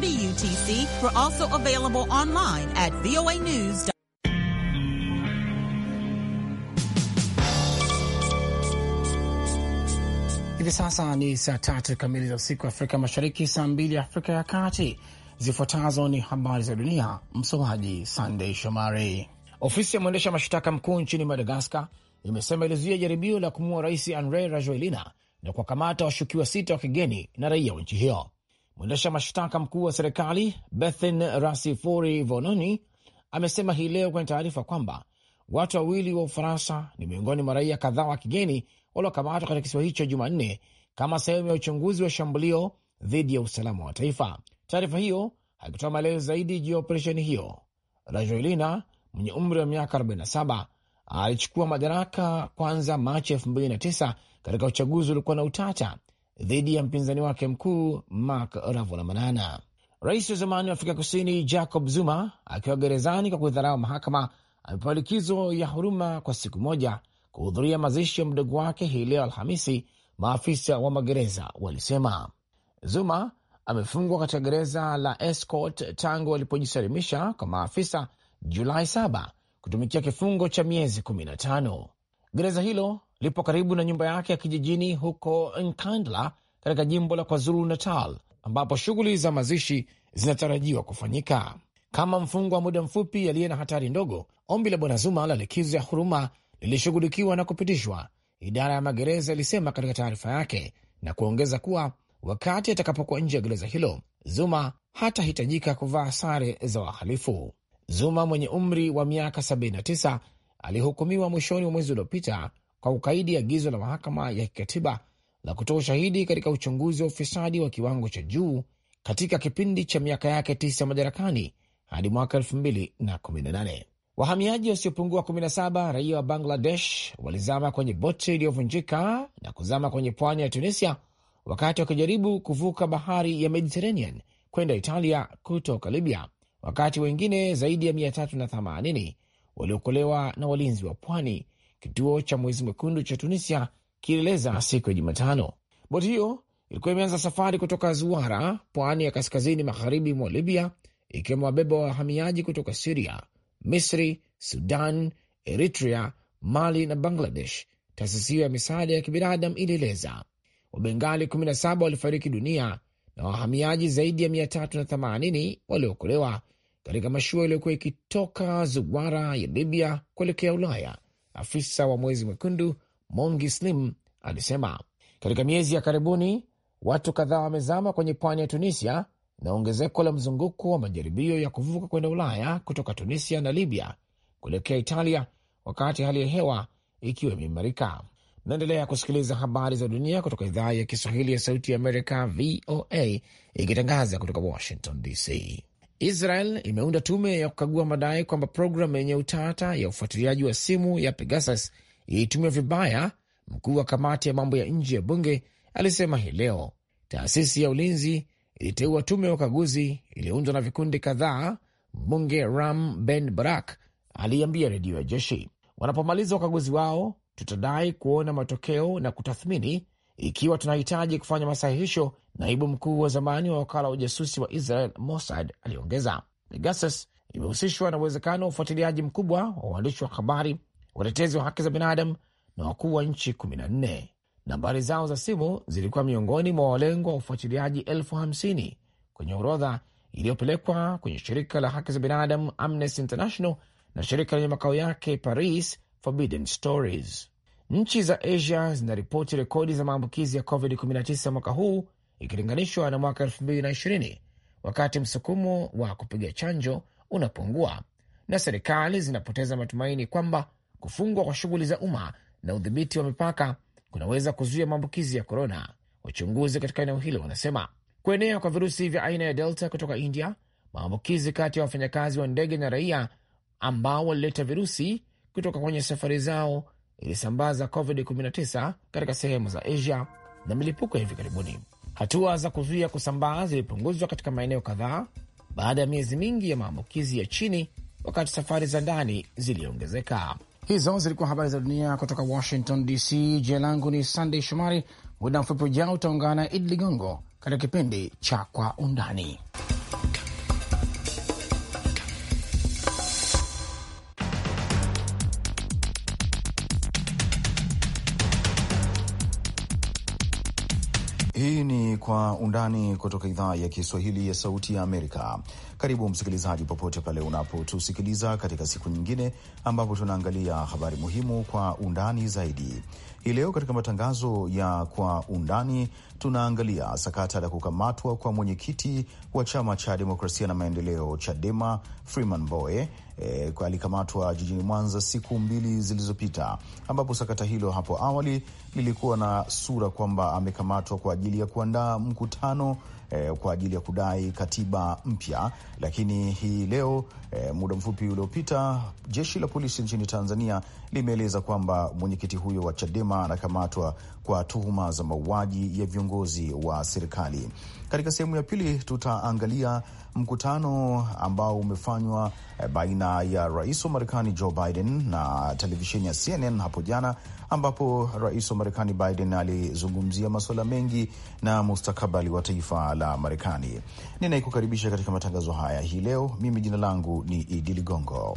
30 UTC. We're also available online at voanews.com. Hivi sasa ni saa tatu kamili za usiku Afrika Mashariki, saa mbili Afrika ya Kati. Zifuatazo ni habari za dunia, msomaji sandey Shomari. Ofisi ya mwendesha mashtaka mkuu nchini Madagaskar imesema ilizuia jaribio la kumuua rais andre Rajoelina na kuwakamata washukiwa sita wa kigeni na raia wa nchi hiyo. Mwendesha mashtaka mkuu wa serikali Bethin Rasifori Vononi amesema hii leo kwenye taarifa kwamba watu wawili wa Ufaransa ni miongoni mwa raia kadhaa wa kigeni waliokamatwa katika kisiwa hicho Jumanne kama sehemu ya uchunguzi wa shambulio dhidi ya usalama wa taifa. Taarifa hiyo haikutoa maelezo zaidi juu ya operesheni hiyo. Rajoelina mwenye umri wa miaka 47 alichukua madaraka kwanza Machi 2009 katika uchaguzi uliokuwa na utata dhidi ya mpinzani wake mkuu mak Ravalomanana. Rais wa zamani wa Afrika Kusini Jacob Zuma akiwa gerezani kwa kuidharau mahakama amepewa likizo ya huruma kwa siku moja kuhudhuria mazishi ya mdogo wake hii leo Alhamisi, maafisa wa magereza walisema. Zuma amefungwa katika gereza la Escort tangu alipojisalimisha kwa maafisa Julai 7 kutumikia kifungo cha miezi 15. Gereza hilo lipo karibu na nyumba yake ya kijijini huko Nkandla katika jimbo la KwaZulu Natal, ambapo shughuli za mazishi zinatarajiwa kufanyika. Kama mfungwa wa muda mfupi aliye na hatari ndogo, ombi la Bwana Zuma la likizo ya huruma lilishughulikiwa na kupitishwa, idara ya magereza ilisema katika taarifa yake, na kuongeza kuwa wakati atakapokuwa nje ya gereza hilo, Zuma hatahitajika kuvaa sare za wahalifu. Zuma mwenye umri wa miaka 79 alihukumiwa mwishoni mwa mwezi uliopita kwa ukaidi agizo la mahakama ya kikatiba la kutoa ushahidi katika uchunguzi wa ufisadi wa kiwango cha juu katika kipindi cha miaka yake tisa madarakani hadi mwaka elfu mbili na kumi na nane. Wahamiaji wasiopungua 17 raia wa Bangladesh walizama kwenye boti iliyovunjika na kuzama kwenye pwani ya Tunisia wakati wakijaribu kuvuka bahari ya Mediterranean kwenda Italia kutoka Libya, wakati wengine zaidi ya 380 waliokolewa na walinzi wa pwani kituo cha Mwezi Mwekundu cha Tunisia kilieleza siku ya Jumatano. Boti hiyo ilikuwa imeanza safari kutoka Zuwara, pwani ya kaskazini magharibi mwa Libya, ikiwa wabeba wahamiaji kutoka Siria, Misri, Sudan, Eritrea, Mali na Bangladesh. Taasisi hiyo ya misaada ya kibinadamu ilieleza Wabengali 17 walifariki dunia na wahamiaji zaidi ya 380 waliokolewa katika mashua iliyokuwa ikitoka Zuwara ya Libya kuelekea Ulaya Afisa wa Mwezi Mwekundu Mongi Slim alisema katika miezi ya karibuni watu kadhaa wamezama kwenye pwani ya Tunisia na ongezeko la mzunguko wa majaribio ya kuvuka kwenda Ulaya kutoka Tunisia na Libya kuelekea Italia, wakati hali ya hewa ikiwa imeimarika. Naendelea kusikiliza habari za dunia kutoka idhaa ya Kiswahili ya Sauti ya Amerika, VOA, ikitangaza kutoka Washington DC. Israel imeunda tume ya kukagua madai kwamba programu yenye utata ya ufuatiliaji wa simu ya Pegasus ilitumiwa vibaya. Mkuu wa kamati ya mambo ya nje ya bunge alisema hii leo. Taasisi ya ulinzi iliteua tume ya ukaguzi iliyoundwa na vikundi kadhaa. Mbunge Ram Ben Barak aliambia redio ya jeshi, wanapomaliza ukaguzi wao tutadai kuona matokeo na kutathmini ikiwa tunahitaji kufanya masahihisho, naibu mkuu wa zamani wa wakala wa ujasusi wa Israel Mossad aliongeza. Pegasus imehusishwa na uwezekano wa ufuatiliaji mkubwa wa waandishi wa habari, watetezi wa haki za binadamu na wakuu wa nchi kumi na nne. Nambari zao za simu zilikuwa miongoni mwa walengwa wa ufuatiliaji elfu hamsini kwenye orodha iliyopelekwa kwenye shirika la haki za binadamu Amnesty International na shirika lenye makao yake Paris Forbidden Stories. Nchi za Asia zinaripoti rekodi za maambukizi ya COVID-19 mwaka huu ikilinganishwa na mwaka 2020 wakati msukumo wa kupiga chanjo unapungua na serikali zinapoteza matumaini kwamba kufungwa kwa shughuli za umma na udhibiti wa mipaka kunaweza kuzuia maambukizi ya korona. Wachunguzi katika eneo hilo wanasema kuenea kwa virusi vya aina ya Delta kutoka India, maambukizi kati ya wafanyakazi wa ndege na raia ambao walileta virusi kutoka kwenye safari zao ilisambaza COVID-19 katika sehemu za Asia na milipuko ya hivi karibuni. Hatua za kuzuia kusambaa zilipunguzwa katika maeneo kadhaa baada ya miezi mingi ya maambukizi ya chini, wakati safari za ndani ziliongezeka. Hizo zilikuwa habari za dunia kutoka Washington DC. Jina langu ni Sandey Shomari. Muda mfupi ujao utaungana na Idi Ligongo katika kipindi cha Kwa Undani. Kwa Undani kutoka idhaa ya Kiswahili ya Sauti ya Amerika. Karibu msikilizaji, popote pale unapotusikiliza katika siku nyingine ambapo tunaangalia habari muhimu kwa undani zaidi. Hii leo katika matangazo ya Kwa Undani tunaangalia sakata la kukamatwa kwa mwenyekiti wa chama cha demokrasia na maendeleo, CHADEMA, Freeman Mbowe e, alikamatwa jijini Mwanza siku mbili zilizopita, ambapo sakata hilo hapo awali lilikuwa na sura kwamba amekamatwa kwa ajili ya kuandaa mkutano e, kwa ajili ya kudai katiba mpya, lakini hii leo e, muda mfupi uliopita jeshi la polisi nchini Tanzania limeeleza kwamba mwenyekiti huyo wa Chadema anakamatwa kwa tuhuma za mauaji ya viongozi wa serikali. Katika sehemu ya pili tutaangalia mkutano ambao umefanywa eh, baina ya rais wa Marekani Joe Biden na televisheni ya CNN hapo jana, ambapo rais wa Marekani Biden alizungumzia masuala mengi na mustakabali wa taifa la Marekani. Ninaikukaribisha katika matangazo haya hii leo, mimi jina langu ni Idi Ligongo.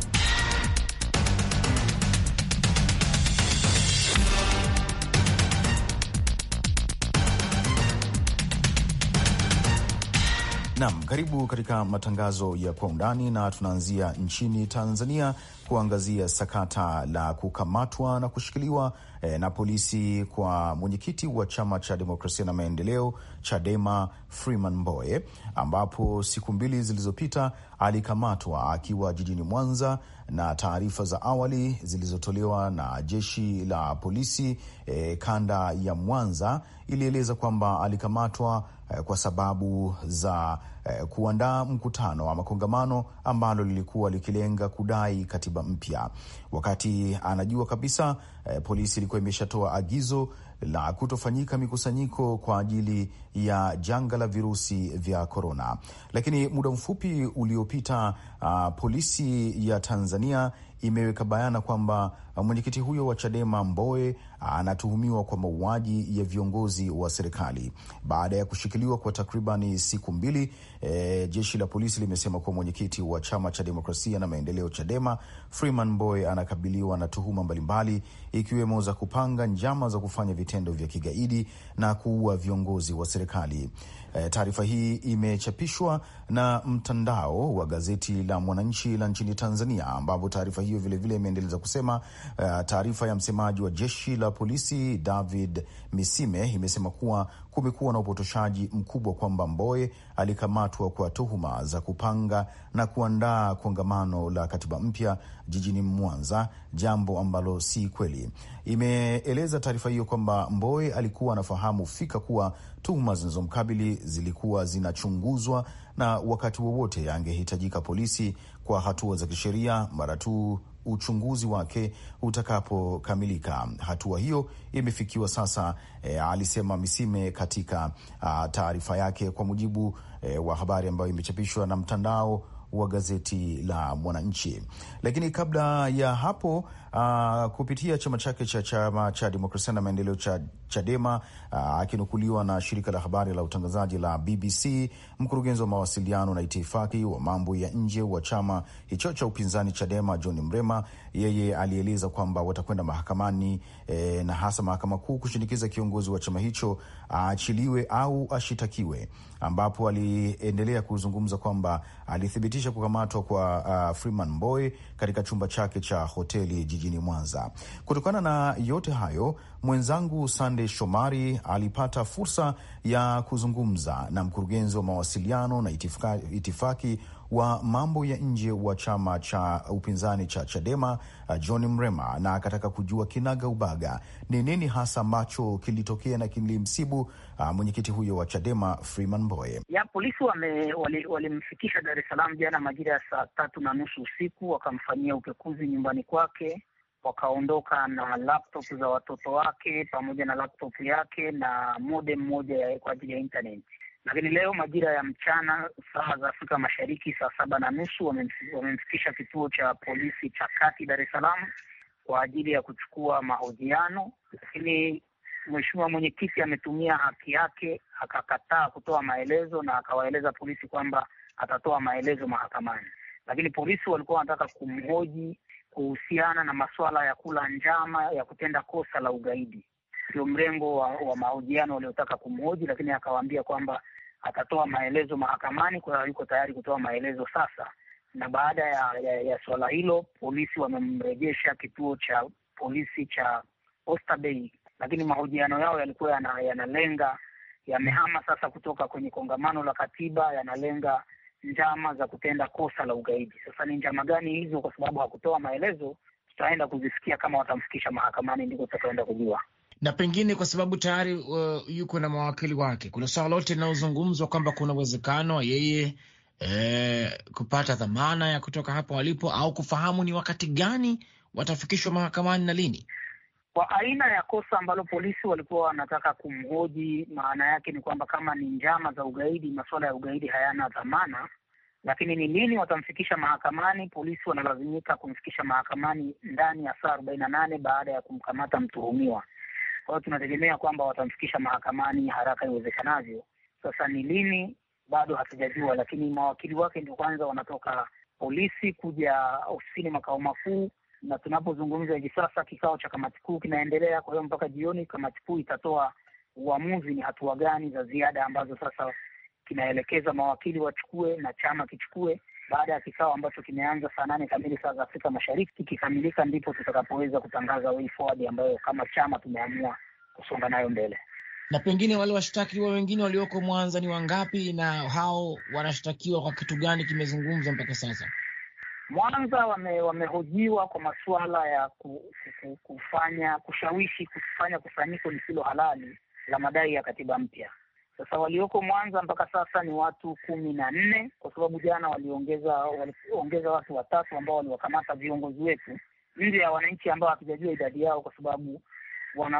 Naam, karibu katika matangazo ya kwa undani, na tunaanzia nchini Tanzania kuangazia sakata la kukamatwa na kushikiliwa eh, na polisi kwa mwenyekiti wa chama cha demokrasia na maendeleo Chadema Freeman Mbowe, ambapo siku mbili zilizopita alikamatwa akiwa jijini Mwanza na taarifa za awali zilizotolewa na jeshi la polisi e, kanda ya Mwanza ilieleza kwamba alikamatwa e, kwa sababu za e, kuandaa mkutano ama kongamano ambalo lilikuwa likilenga kudai katiba mpya, wakati anajua kabisa e, polisi ilikuwa imeshatoa agizo la kutofanyika mikusanyiko kwa ajili ya janga la virusi vya korona. Lakini muda mfupi uliopita, uh, polisi ya Tanzania imeweka bayana kwamba uh, mwenyekiti huyo wa Chadema mboe uh, anatuhumiwa kwa mauaji ya viongozi wa serikali baada ya kushikiliwa kwa takribani siku mbili. E, jeshi la polisi limesema kuwa mwenyekiti wa chama cha demokrasia na maendeleo Chadema Freeman Mboe anakabiliwa na tuhuma mbalimbali ikiwemo za kupanga njama za kufanya vitendo vya kigaidi na kuua viongozi wa serikali. E, taarifa hii imechapishwa na mtandao wa gazeti la Mwananchi la nchini Tanzania ambapo taarifa hiyo vilevile imeendeleza kusema uh, taarifa ya msemaji wa jeshi la polisi David Misime imesema kuwa kumekuwa na upotoshaji mkubwa kwamba Mboe alikamatwa kwa tuhuma za kupanga na kuandaa kongamano la katiba mpya jijini Mwanza, jambo ambalo si kweli. Imeeleza taarifa hiyo kwamba Mboe alikuwa anafahamu fika kuwa tuhuma zinazomkabili zilikuwa zinachunguzwa na wakati wowote angehitajika polisi kwa hatua za kisheria mara tu uchunguzi wake utakapokamilika. Hatua hiyo imefikiwa sasa, e, alisema Misime katika taarifa yake, kwa mujibu e, wa habari ambayo imechapishwa na mtandao wa gazeti la Mwananchi. Lakini kabla ya hapo uh, kupitia chama chake cha chama cha demokrasia na maendeleo cha Chadema, ah, akinukuliwa uh, na shirika la habari la utangazaji la BBC, mkurugenzi wa mawasiliano na itifaki wa mambo ya nje wa chama hicho cha upinzani Chadema, John Mrema, yeye alieleza kwamba watakwenda mahakamani eh, na hasa mahakama kuu kushinikiza kiongozi wa chama hicho aachiliwe uh, au ashitakiwe, ambapo aliendelea kuzungumza kwamba alithibitisha kukamatwa kwa uh, Freeman Mbowe katika chumba chake cha hoteli jijini Mwanza. Kutokana na yote hayo, mwenzangu Sande Shomari alipata fursa ya kuzungumza na mkurugenzi wa mawasiliano na itifaki, itifaki wa mambo ya nje wa chama cha upinzani cha Chadema uh, John Mrema, na akataka kujua kinaga ubaga ni nini hasa ambacho kilitokea na kilimsibu uh, mwenyekiti huyo wa Chadema Freeman Mbowe. Ya polisi walimfikisha wali Dar es Salaam jana majira ya saa tatu na nusu usiku, wakamfanyia upekuzi nyumbani kwake wakaondoka na laptop za watoto wake pamoja na laptop yake na modem moja kwa ajili ya intaneti. Lakini leo majira ya mchana, saa za Afrika Mashariki, saa saba na nusu, wamemfikisha kituo cha polisi cha kati Dar es Salaam kwa ajili ya kuchukua mahojiano, lakini mheshimiwa mwenyekiti ametumia haki yake akakataa kutoa maelezo na akawaeleza polisi kwamba atatoa maelezo mahakamani. Lakini polisi walikuwa wanataka kumhoji kuhusiana na masuala ya kula njama ya kutenda kosa la ugaidi, ndio mrengo wa, wa mahojiano waliotaka kumhoji, lakini akawaambia kwamba atatoa maelezo mahakamani, kwa yuko tayari kutoa maelezo sasa. Na baada ya, ya, ya suala hilo, polisi wamemrejesha kituo cha polisi cha Oysterbay, lakini mahojiano yao yalikuwa yanalenga yamehama sasa kutoka kwenye kongamano la katiba, yanalenga njama za kutenda kosa la ugaidi. Sasa ni njama gani hizo? Kwa sababu hakutoa maelezo, tutaenda kuzisikia kama watamfikisha mahakamani, ndiko tutakaenda kujua na pengine kwa sababu tayari uh, yuko na mawakili wake, kuna swala lote linalozungumzwa kwamba kuna uwezekano wa yeye eh, kupata dhamana ya kutoka hapo walipo au kufahamu ni wakati gani watafikishwa mahakamani na lini. Kwa aina ya kosa ambalo polisi walikuwa wanataka kumhoji, maana yake ni kwamba kama ni njama za ugaidi, masuala ya ugaidi hayana dhamana, lakini ni lini watamfikisha mahakamani? Polisi wanalazimika kumfikisha mahakamani ndani ya saa arobaini na nane baada ya kumkamata mtuhumiwa. Kwa hiyo tunategemea kwamba watamfikisha mahakamani haraka iwezekanavyo. Sasa ni lini bado hatujajua, lakini mawakili wake ndio kwanza wanatoka polisi kuja ofisini makao makuu, na tunapozungumza hivi sasa kikao cha kamati kuu kinaendelea. Kwa hiyo mpaka jioni kamati kuu itatoa uamuzi ni hatua gani za ziada ambazo sasa kinaelekeza mawakili wachukue na chama kichukue baada ya kikao ambacho kimeanza saa nane kamili saa za Afrika Mashariki. Kikikamilika ndipo tutakapoweza kutangaza way forward ambayo kama chama tumeamua kusonga nayo mbele. Na pengine wale washtakiwa wengine walioko Mwanza ni wangapi, na hao wanashtakiwa kwa kitu gani? Kimezungumzwa mpaka sasa Mwanza wame, wamehojiwa kwa masuala ya kufanya kushawishi kufanya kusanyiko lisilo halali la madai ya katiba mpya. Sasa walioko Mwanza mpaka sasa ni watu kumi na nne kwa sababu jana waliongeza waliongeza watu watatu ambao waliwakamata viongozi wetu nje ya wananchi ambao hatujajua idadi yao kwa sababu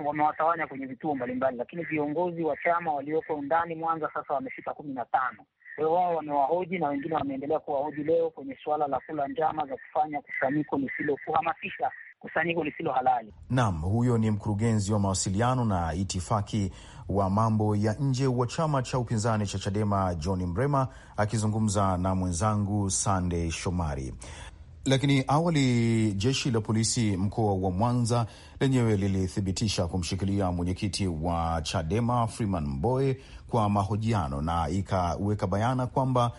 wamewatawanya kwenye vituo mbalimbali, lakini viongozi wa chama walioko ndani Mwanza sasa wamefika kumi na tano. Kwa hiyo wao wamewahoji na wengine wameendelea kuwahoji leo kwenye suala la kula njama za kufanya kusanyiko lisilo kuhamasisha kusanyiko lisilo halali. Naam, huyo ni mkurugenzi wa mawasiliano na itifaki wa mambo ya nje wa chama cha upinzani cha Chadema John Mrema akizungumza na mwenzangu Sande Shomari. Lakini awali jeshi la polisi mkoa wa Mwanza lenyewe lilithibitisha kumshikilia mwenyekiti wa Chadema Freeman Mbowe kwa mahojiano na ikaweka bayana kwamba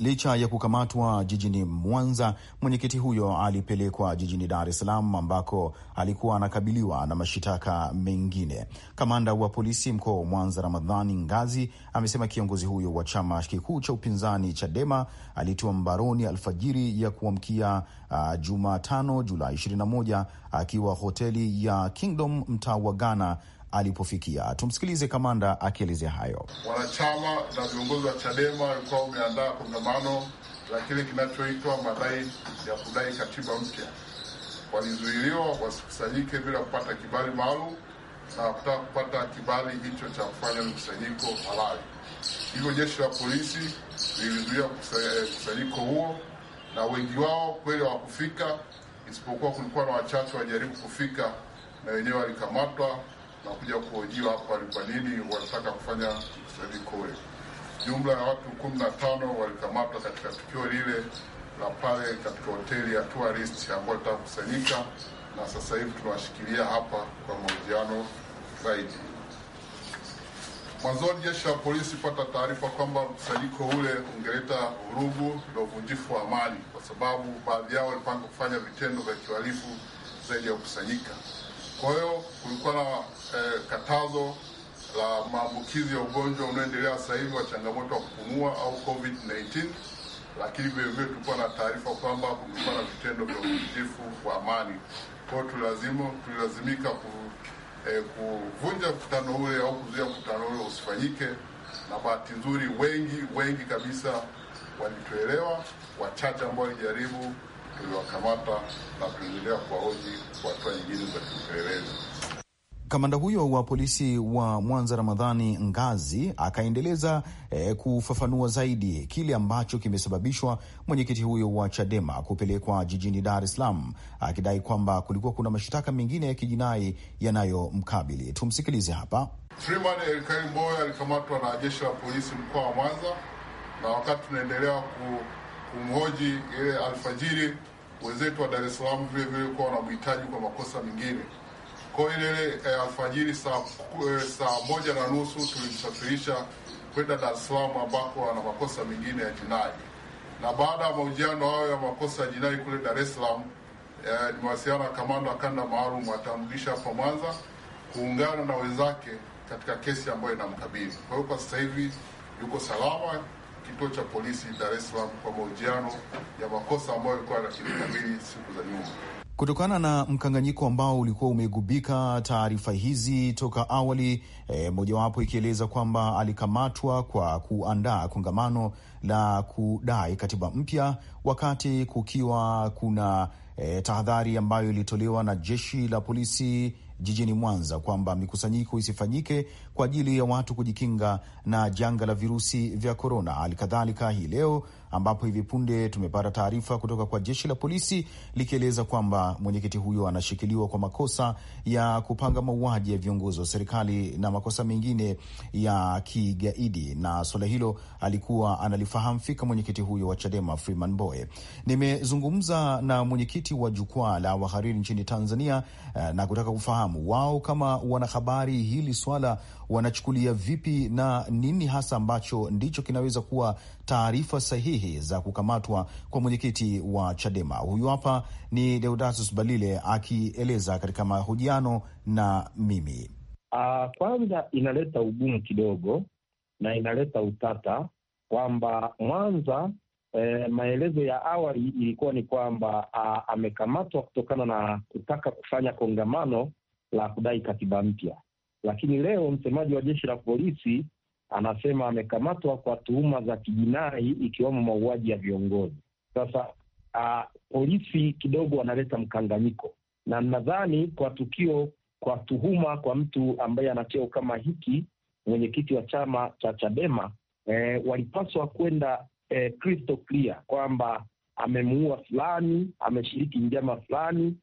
Licha ya kukamatwa jijini Mwanza, mwenyekiti huyo alipelekwa jijini Dar es Salaam ambako alikuwa anakabiliwa na mashitaka mengine. Kamanda wa polisi mkoa wa Mwanza, Ramadhani Ngazi, amesema kiongozi huyo wa chama kikuu cha upinzani Chadema alitiwa mbaroni alfajiri ya kuamkia uh, Jumatano Julai 21 akiwa hoteli ya Kingdom mtaa wa Ghana alipofikia. Tumsikilize kamanda akielezea hayo. Wanachama na viongozi wa CHADEMA walikuwa wameandaa kongamano la kile kinachoitwa madai ya kudai katiba mpya. Walizuiliwa wasikusanyike bila kupata kibali maalum na kutaka kupata kibali hicho cha kufanya mkusanyiko halali. Hivyo jeshi la polisi lilizuia mkusanyiko eh, huo, na wengi wao kweli hawakufika, isipokuwa kulikuwa na wachache wajaribu kufika, na wenyewe walikamatwa na kuja kuhojiwa kwa nini wanataka kufanya mkusanyiko ule. Jumla ya watu kumi na tano walikamatwa katika tukio lile la pale katika hoteli ya Tourist ambayo litaka kusanyika, na sasa hivi tunawashikilia hapa kwa mahojiano zaidi. Mwanzoni jeshi la polisi pata taarifa kwamba mkusanyiko ule ungeleta vurugu na uvunjifu wa amani, kwa sababu baadhi yao walipanga kufanya vitendo vya kihalifu zaidi ya kukusanyika. Kwa hiyo kulikuwa na eh, katazo la maambukizi ya ugonjwa unaoendelea sasa hivi wa changamoto ya kupumua au COVID-19, lakini vilevile tulikuwa na taarifa kwamba kulikuwa na vitendo vya uvunjifu wa amani. Kwa hiyo tulilazimika ku, eh, kuvunja mkutano ule au kuzuia mkutano ule usifanyike, na bahati nzuri wengi wengi kabisa walituelewa, wachache ambao walijaribu tuliwakamata na kuendelea kuwahoji kwa hatua nyingine za kiupelelezi. Kamanda huyo wa polisi wa Mwanza Ramadhani Ngazi akaendeleza eh, kufafanua zaidi kile ambacho kimesababishwa mwenyekiti huyo wa Chadema kupelekwa jijini Dar es Salaam akidai kwamba kulikuwa kuna mashtaka mengine ya kijinai yanayomkabili. Tumsikilize hapa. Freeman Elkai alikamatwa na jeshi la polisi mkoa wa Mwanza, na wakati tunaendelea ku kumhoji yeye eh, alfajiri. Wenzetu wa Dar es Salaam vile vile kuwa wanamhitaji kwa makosa mengine. Kwa ile ile eh, e, alfajiri saa eh, saa moja na nusu tulimsafirisha kwenda Dar es Salaam ambako ana makosa mengine ya jinai, na baada ya mahojiano hayo ya makosa ya jinai kule Dar es Salaam e, nimewasiliana na kamanda wa kanda maalum atamrudisha hapo Mwanza kuungana na wenzake katika kesi ambayo inamkabili. Kwa hiyo kwa sasa hivi yuko salama kituo cha polisi Dar es Salaam kwa mahojiano ya makosa ambayo yalikuwa yanakabili siku za nyuma. Kutokana na mkanganyiko ambao ulikuwa umegubika taarifa hizi toka awali, e, mojawapo ikieleza kwamba alikamatwa kwa kuandaa kongamano la kudai katiba mpya wakati kukiwa kuna e, tahadhari ambayo ilitolewa na jeshi la polisi jijini Mwanza kwamba mikusanyiko isifanyike kwa ajili ya watu kujikinga na janga la virusi vya korona. Hali kadhalika hii leo ambapo hivi punde tumepata taarifa kutoka kwa jeshi la polisi likieleza kwamba mwenyekiti huyo anashikiliwa kwa makosa ya kupanga mauaji ya viongozi wa serikali na makosa mengine ya kigaidi, na suala hilo alikuwa analifahamu fika mwenyekiti huyo wa Chadema Freeman Mbowe. Nimezungumza na mwenyekiti wa jukwaa la wahariri nchini Tanzania eh, na kutaka kufahamu wao kama wanahabari hili swala wanachukulia vipi na nini hasa ambacho ndicho kinaweza kuwa taarifa sahihi za kukamatwa kwa mwenyekiti wa Chadema. Huyu hapa ni Deodatus Balile akieleza katika mahojiano na mimi. Uh, kwanza inaleta ugumu kidogo na inaleta utata kwamba Mwanza E, maelezo ya awali ilikuwa ni kwamba ah, amekamatwa kutokana na kutaka kufanya kongamano la kudai katiba mpya, lakini leo msemaji wa jeshi la polisi anasema amekamatwa kwa tuhuma za kijinai ikiwemo mauaji ya viongozi. Sasa a, polisi kidogo wanaleta mkanganyiko, na nadhani kwa tukio, kwa tuhuma kwa mtu ambaye ana cheo kama hiki, mwenyekiti wa chama cha Chadema e, walipaswa kwenda e, crystal clear kwamba amemuua fulani, ameshiriki njama fulani,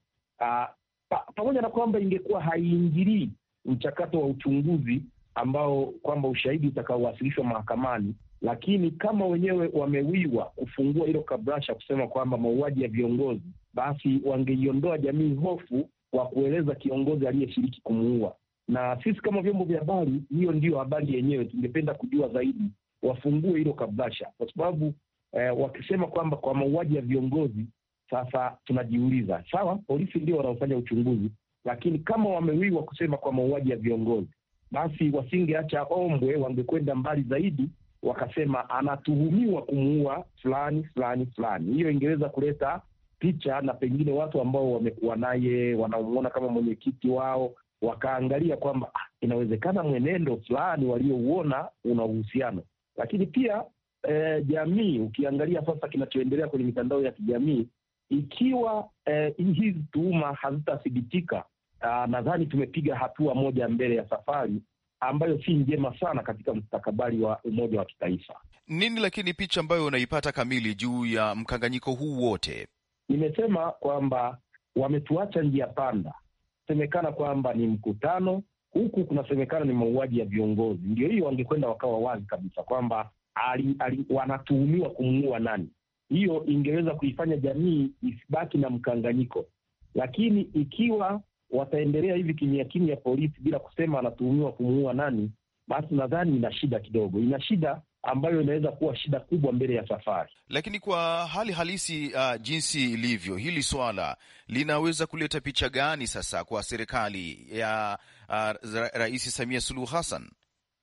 pamoja na kwamba ingekuwa haiingilii mchakato wa uchunguzi ambao kwamba ushahidi utakaowasilishwa mahakamani, lakini kama wenyewe wamewiwa kufungua hilo kabrasha kusema kwamba mauaji ya viongozi, basi wangeiondoa jamii hofu wa kueleza kiongozi aliyeshiriki kumuua. Na sisi kama vyombo vya habari, hiyo ndiyo habari yenyewe, tungependa kujua zaidi, wafungue hilo kabrasha kwa sababu eh, wakisema kwamba kwa mauaji ya viongozi sasa tunajiuliza, sawa, polisi ndio wanaofanya uchunguzi, lakini kama wamewiwa kusema kwa mauaji ya viongozi, basi wasingeacha ombwe, wangekwenda mbali zaidi wakasema anatuhumiwa kumuua fulani fulani fulani. Hiyo ingeweza kuleta picha na pengine watu ambao wamekuwa naye wanamuona kama mwenyekiti wao wakaangalia kwamba ah, inawezekana mwenendo fulani waliouona una uhusiano. Lakini pia e, jamii ukiangalia sasa kinachoendelea kwenye mitandao ya kijamii ikiwa eh, hizi tuhuma hazitathibitika, ah, nadhani tumepiga hatua moja mbele ya safari ambayo si njema sana katika mustakabali wa umoja wa kitaifa. Nini lakini picha ambayo unaipata kamili juu ya mkanganyiko huu wote? Nimesema kwamba wametuacha njia panda, semekana kwamba ni mkutano huku kunasemekana ni mauaji ya viongozi. Ndio hiyo wangekwenda wakawa wazi kabisa kwamba ali, ali, wanatuhumiwa kumuua nani hiyo ingeweza kuifanya jamii isibaki na mkanganyiko, lakini ikiwa wataendelea hivi kimya kimya, polisi bila kusema anatuhumiwa kumuua nani, basi nadhani ina shida kidogo, ina shida ambayo inaweza kuwa shida kubwa mbele ya safari. Lakini kwa hali halisi uh, jinsi ilivyo, hili swala linaweza kuleta picha gani sasa kwa serikali ya uh, ra Rais Samia Suluhu Hassan?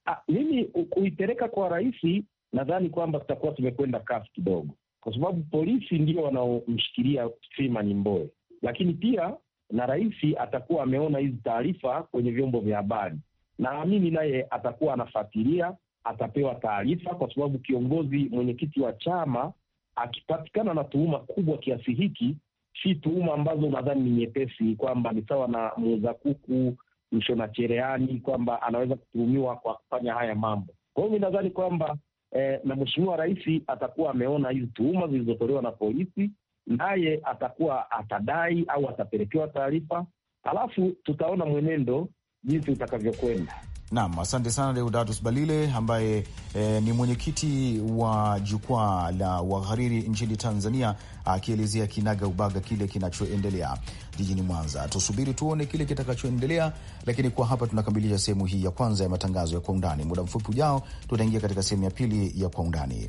Ah, mimi kuipeleka kwa rais, nadhani kwamba tutakuwa tumekwenda kasi kidogo, kwa sababu polisi ndio wanaomshikilia Freeman Mbowe, lakini pia na rais atakuwa ameona hizi taarifa kwenye vyombo vya habari, naamini naye atakuwa anafuatilia, atapewa taarifa, kwa sababu kiongozi, mwenyekiti wa chama akipatikana na tuhuma kubwa kiasi hiki, si tuhuma ambazo nadhani ni nyepesi, kwamba ni sawa na muuza kuku, mshona cherehani, kwamba anaweza kutuhumiwa kwa kufanya haya mambo. Kwa hiyo mi nadhani kwamba eh, na mheshimiwa rais atakuwa ameona hizi tuhuma zilizotolewa na polisi, naye atakuwa atadai au atapelekewa taarifa, alafu tutaona mwenendo jinsi utakavyokwenda. Naam, asante sana Deodatus Balile ambaye e, ni mwenyekiti wa jukwaa la wahariri nchini Tanzania akielezea kinaga ubaga kile kinachoendelea jijini Mwanza. Tusubiri tuone kile kitakachoendelea, lakini kwa hapa tunakamilisha sehemu hii ya kwanza ya matangazo ya kwa undani. Muda mfupi ujao tutaingia katika sehemu ya pili ya kwa undani.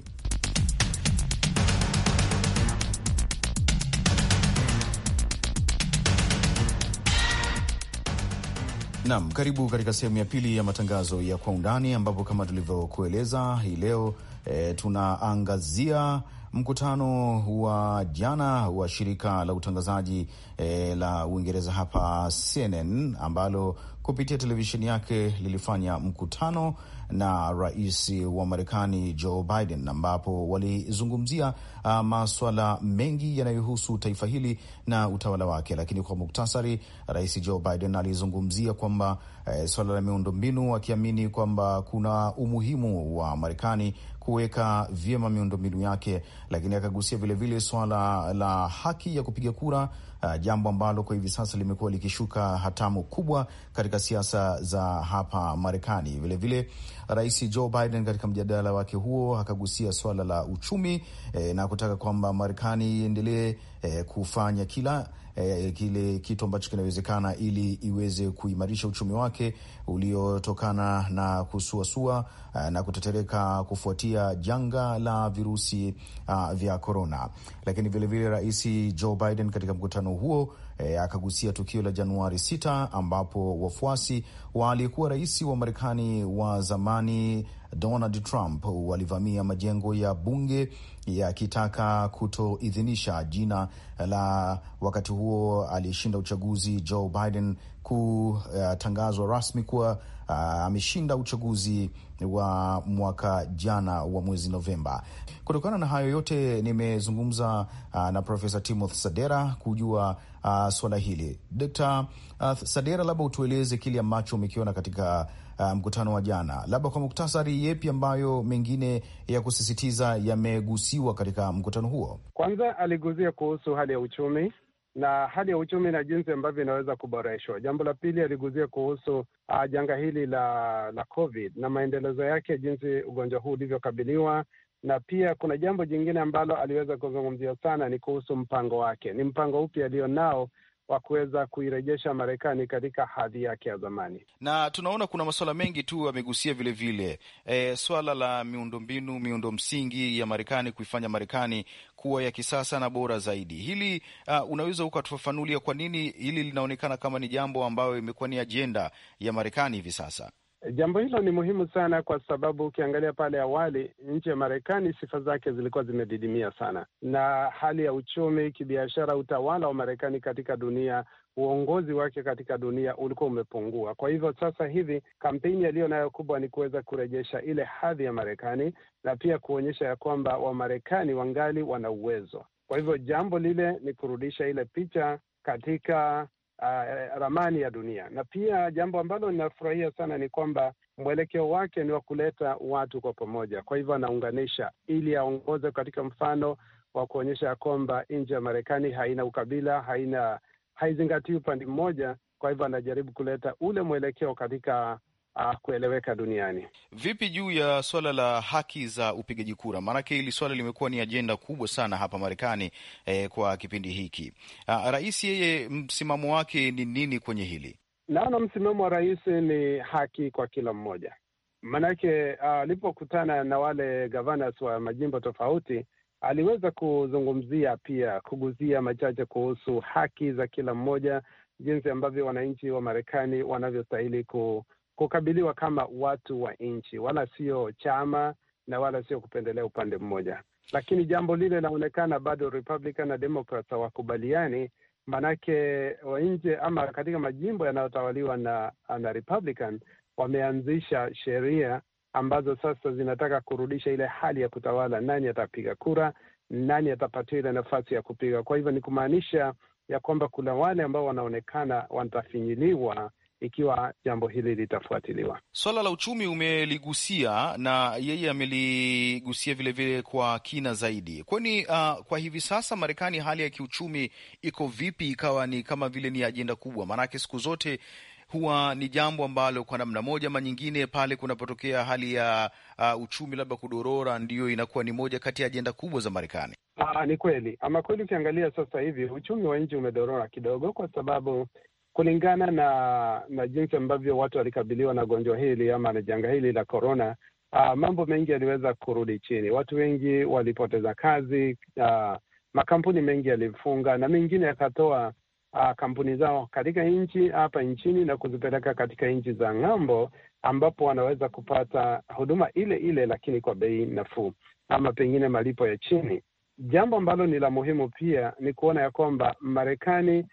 Naam, karibu katika sehemu ya pili ya matangazo ya kwa undani, ambapo kama tulivyokueleza hii leo e, tunaangazia mkutano wa jana wa shirika la utangazaji e, la Uingereza hapa CNN ambalo kupitia televisheni yake lilifanya mkutano na rais wa Marekani Joe Biden, ambapo walizungumzia uh, maswala mengi yanayohusu taifa hili na utawala wake. Lakini kwa muktasari, rais Joe Biden alizungumzia kwamba uh, swala la miundombinu, akiamini kwamba kuna umuhimu wa Marekani kuweka vyema miundombinu yake, lakini akagusia vilevile swala la haki ya kupiga kura uh, jambo ambalo kwa hivi sasa limekuwa likishuka hatamu kubwa katika siasa za hapa Marekani. Vilevile Rais Joe Biden katika mjadala wake huo akagusia swala la uchumi eh, na kutaka kwamba Marekani iendelee eh, kufanya kila eh, kile kitu ambacho kinawezekana ili iweze kuimarisha uchumi wake uliotokana na kusuasua eh, na kutetereka kufuatia janga la virusi uh, vya korona. Lakini vilevile Rais Joe Biden katika mkutano huo E, akagusia tukio la Januari 6 ambapo wafuasi wa aliyekuwa rais wa Marekani wa zamani Donald Trump walivamia majengo ya bunge yakitaka kutoidhinisha jina la wakati huo aliyeshinda uchaguzi Joe Biden kutangazwa uh, rasmi kuwa uh, ameshinda uchaguzi wa mwaka jana wa mwezi Novemba. Kutokana na hayo yote, nimezungumza uh, na Profesa Timothy Sadera kujua uh, suala hili. Dkt uh, Sadera, labda utueleze kile ambacho umekiona katika uh, mkutano wa jana. Labda kwa muktasari, yepi ambayo mengine ya kusisitiza yamegusiwa katika mkutano huo? Kwanza aliguzia kuhusu hali ya uchumi na hali ya uchumi na jinsi ambavyo inaweza kuboreshwa. Jambo la pili aliguzia kuhusu uh, janga hili la la COVID na maendelezo yake, jinsi ugonjwa huu ulivyokabiliwa, na pia kuna jambo jingine ambalo aliweza kuzungumzia sana ni kuhusu mpango wake, ni mpango upi nao wa kuweza kuirejesha Marekani katika hadhi yake ya zamani. Na tunaona kuna masuala mengi tu amegusia vilevile, e, swala la miundombinu, miundo msingi ya Marekani, kuifanya Marekani kuwa ya kisasa na bora zaidi. Hili uh, unaweza ukatufafanulia kwa nini hili linaonekana kama ni jambo ambayo imekuwa ni ajenda ya Marekani hivi sasa? Jambo hilo ni muhimu sana kwa sababu ukiangalia pale awali nchi ya Marekani sifa zake zilikuwa zimedidimia sana, na hali ya uchumi, kibiashara, utawala wa Marekani katika dunia, uongozi wake katika dunia ulikuwa umepungua. Kwa hivyo sasa hivi kampeni yaliyo nayo kubwa ni kuweza kurejesha ile hadhi ya Marekani na pia kuonyesha ya kwamba Wamarekani wangali wana uwezo. Kwa hivyo jambo lile ni kurudisha ile picha katika uh, ramani ya dunia. Na pia jambo ambalo ninafurahia sana ni kwamba mwelekeo wake ni wa kuleta watu kwa pamoja. Kwa hivyo anaunganisha ili aongoze katika mfano wa kuonyesha kwamba nchi ya Marekani haina ukabila, haina haizingatii upande mmoja. Kwa hivyo anajaribu kuleta ule mwelekeo katika uh, kueleweka duniani. Vipi juu ya swala la haki za upigaji kura? Maanake hili swala limekuwa ni ajenda kubwa sana hapa Marekani eh, kwa kipindi hiki uh, rais yeye msimamo wake ni nini kwenye hili? Naona msimamo wa rais ni haki kwa kila mmoja, maanake ah, alipokutana uh, na wale gavanas wa majimbo tofauti aliweza kuzungumzia pia kuguzia machache kuhusu haki za kila mmoja, jinsi ambavyo wananchi wa Marekani wanavyostahili ku, kukabiliwa kama watu wa nchi, wala sio chama na wala sio kupendelea upande mmoja. Lakini jambo lile linaonekana bado Republican na Democrats hawakubaliani, manake nje ama katika majimbo yanayotawaliwa na, na Republican wameanzisha sheria ambazo sasa zinataka kurudisha ile hali ya kutawala nani atapiga kura, nani atapatiwa ile nafasi ya kupiga. Kwa hivyo ni kumaanisha ya kwamba kuna wale ambao wanaonekana watafinyiliwa ikiwa jambo hili litafuatiliwa. Swala la uchumi umeligusia na yeye ameligusia vilevile kwa kina zaidi. Kwani uh, kwa hivi sasa Marekani hali ya kiuchumi iko vipi? Ikawa ni kama vile ni ajenda kubwa, maanake siku zote huwa ni jambo ambalo kwa namna moja ama nyingine pale kunapotokea hali ya uh, uchumi labda kudorora, ndiyo inakuwa ni moja kati ya ajenda kubwa za Marekani. Aa, ah, ni kweli ama kweli, ukiangalia sasa hivi uchumi wa nchi umedorora kidogo, kwa sababu kulingana na na jinsi ambavyo watu walikabiliwa na gonjwa hili ama na janga hili la korona. Uh, ah, mambo mengi yaliweza kurudi chini, watu wengi walipoteza kazi. Uh, makampuni mengi yalifunga na mengine yakatoa uh, kampuni zao katika nchi hapa nchini na kuzipeleka katika nchi za ng'ambo, ambapo wanaweza kupata huduma ile ile lakini kwa bei nafuu ama pengine malipo ya chini. Jambo ambalo ni la muhimu pia ni kuona ya kwamba Marekani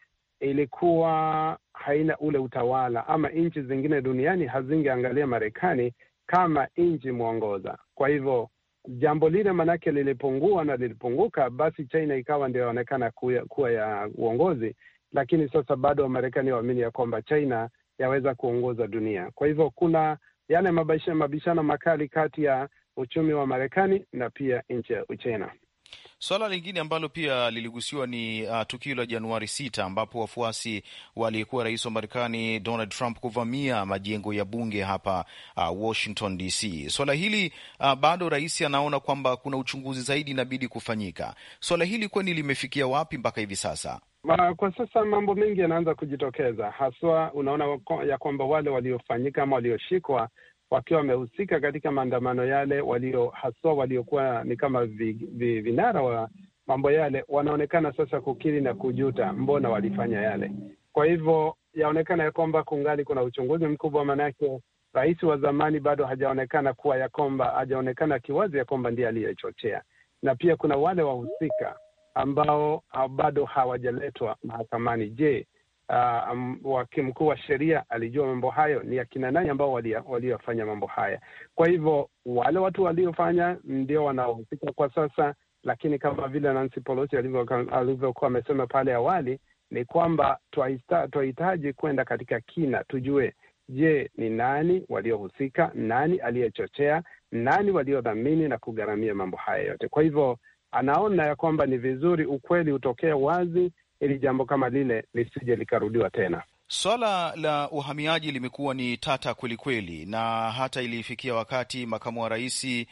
ilikuwa haina ule utawala ama nchi zingine duniani hazingeangalia Marekani kama nchi mwongoza. Kwa hivyo jambo lile manake lilipungua na lilipunguka, basi China ikawa ndio yaonekana kuwa ya uongozi, lakini sasa bado Wamarekani waamini ya kwamba China yaweza kuongoza dunia. Kwa hivyo kuna yale mabishano makali kati ya uchumi wa Marekani na pia nchi ya Uchina. Swala lingine ambalo pia liligusiwa ni uh, tukio la Januari 6 ambapo wafuasi waliyekuwa rais wa Marekani Donald Trump kuvamia majengo ya bunge hapa uh, Washington DC. Swala hili uh, bado rais anaona kwamba kuna uchunguzi zaidi inabidi kufanyika. Swala hili kweni limefikia wapi mpaka hivi sasa? Ma, kwa sasa mambo mengi yanaanza kujitokeza, haswa unaona ya kwamba wale waliofanyika ama walioshikwa wakiwa wamehusika katika maandamano yale, walio haswa waliokuwa ni kama vi, vi, vinara wa mambo yale, wanaonekana sasa kukiri na kujuta, mbona walifanya yale. Kwa hivyo yaonekana ya kwamba kungali kuna uchunguzi mkubwa, maanake rais wa zamani bado hajaonekana kuwa ya kwamba hajaonekana kiwazi ya kwamba ndiye aliyechochea, na pia kuna wale wahusika ambao bado hawajaletwa mahakamani. Je, uh, ah, waki mkuu wa sheria alijua mambo hayo, ni akina nani ambao waliofanya mambo haya. Kwa hivyo wale watu waliofanya ndio wanaohusika kwa sasa, lakini kama vile Nancy Pelosi alivyokuwa amesema pale awali ni kwamba twahitaji kwenda katika kina, tujue Je, ni nani waliohusika? Nani aliyechochea? Nani waliodhamini na kugharamia mambo haya yote? Kwa hivyo anaona ya kwamba ni vizuri ukweli utokee wazi, ili jambo kama lile lisije likarudiwa tena. Swala la uhamiaji limekuwa ni tata kwelikweli, na hata ilifikia wakati makamu wa rais uh,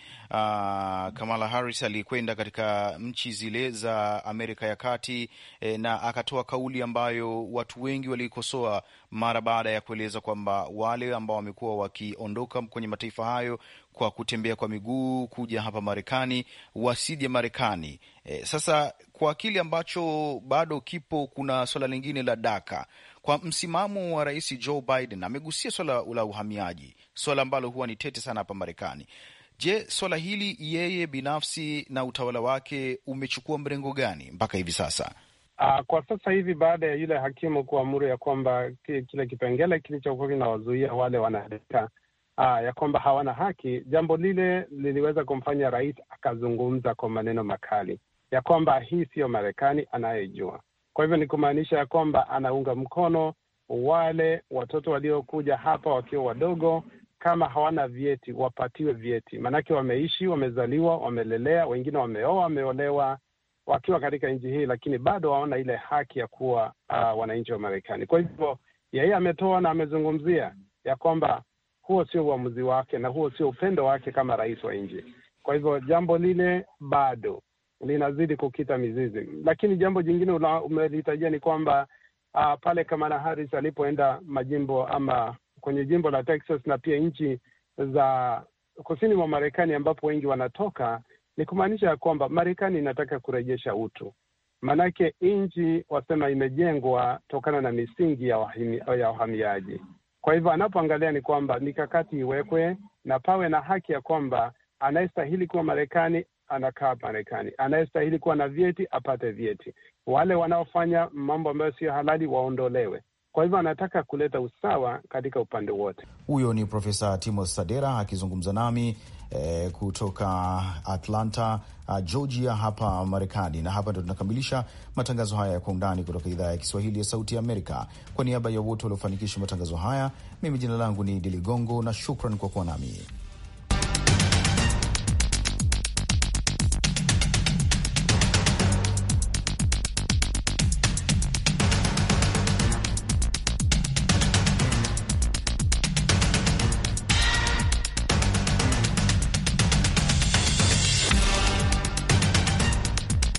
Kamala Harris alikwenda katika nchi zile za Amerika ya Kati eh, na akatoa kauli ambayo watu wengi waliikosoa mara baada ya kueleza kwamba wale ambao wamekuwa wakiondoka kwenye mataifa hayo kwa kutembea kwa miguu kuja hapa Marekani wasije Marekani. E, sasa kwa kile ambacho bado kipo, kuna swala lingine la daka kwa msimamo wa Rais Joe Biden amegusia swala la uhamiaji, swala ambalo huwa ni tete sana hapa Marekani. Je, swala hili yeye binafsi na utawala wake umechukua mrengo gani mpaka hivi sasa? Uh, kwa sasa hivi baada ya yule hakimu kuamuru ya kwamba kile kipengele kilichokuwa kinawazuia wale wanadeka aa, ah, ya kwamba hawana haki, jambo lile liliweza kumfanya rais akazungumza kwa maneno makali ya kwamba hii siyo Marekani anayejua. Kwa hivyo ni kumaanisha ya kwamba anaunga mkono wale watoto waliokuja hapa wakiwa wadogo, kama hawana vyeti wapatiwe vyeti, maanake wameishi, wamezaliwa, wamelelea, wengine wameoa, wameolewa wakiwa katika nchi hii, lakini bado hawana ile haki ya kuwa uh, wananchi wa Marekani. Kwa hivyo yeye ametoa na amezungumzia ya kwamba huo sio uamuzi wake na huo sio upendo wake kama rais wa nchi. Kwa hivyo jambo lile bado linazidi kukita mizizi, lakini jambo jingine umelitajia ni kwamba uh, pale Kamala Harris alipoenda majimbo ama kwenye jimbo la Texas na pia nchi za kusini mwa Marekani ambapo wengi wanatoka, ni kumaanisha ya kwamba Marekani inataka kurejesha utu, maanake nchi wasema imejengwa tokana na misingi ya, wahami, ya wahamiaji kwa hivyo anapoangalia ni kwamba mikakati iwekwe na pawe na haki ya kwamba anayestahili kuwa Marekani anakaa Marekani, anayestahili kuwa na vyeti apate vyeti, wale wanaofanya mambo ambayo siyo halali waondolewe. Kwa hivyo anataka kuleta usawa katika upande wote. Huyo ni Profesa Timothy Sadera akizungumza nami eh, kutoka Atlanta ah, Georgia hapa Marekani. Na hapa ndo tunakamilisha matangazo haya ya Kwa Undani kutoka idhaa ya Kiswahili ya Sauti ya Amerika. Kwa niaba ya wote waliofanikisha matangazo haya, mimi jina langu ni Idi Ligongo na shukran kwa kuwa nami.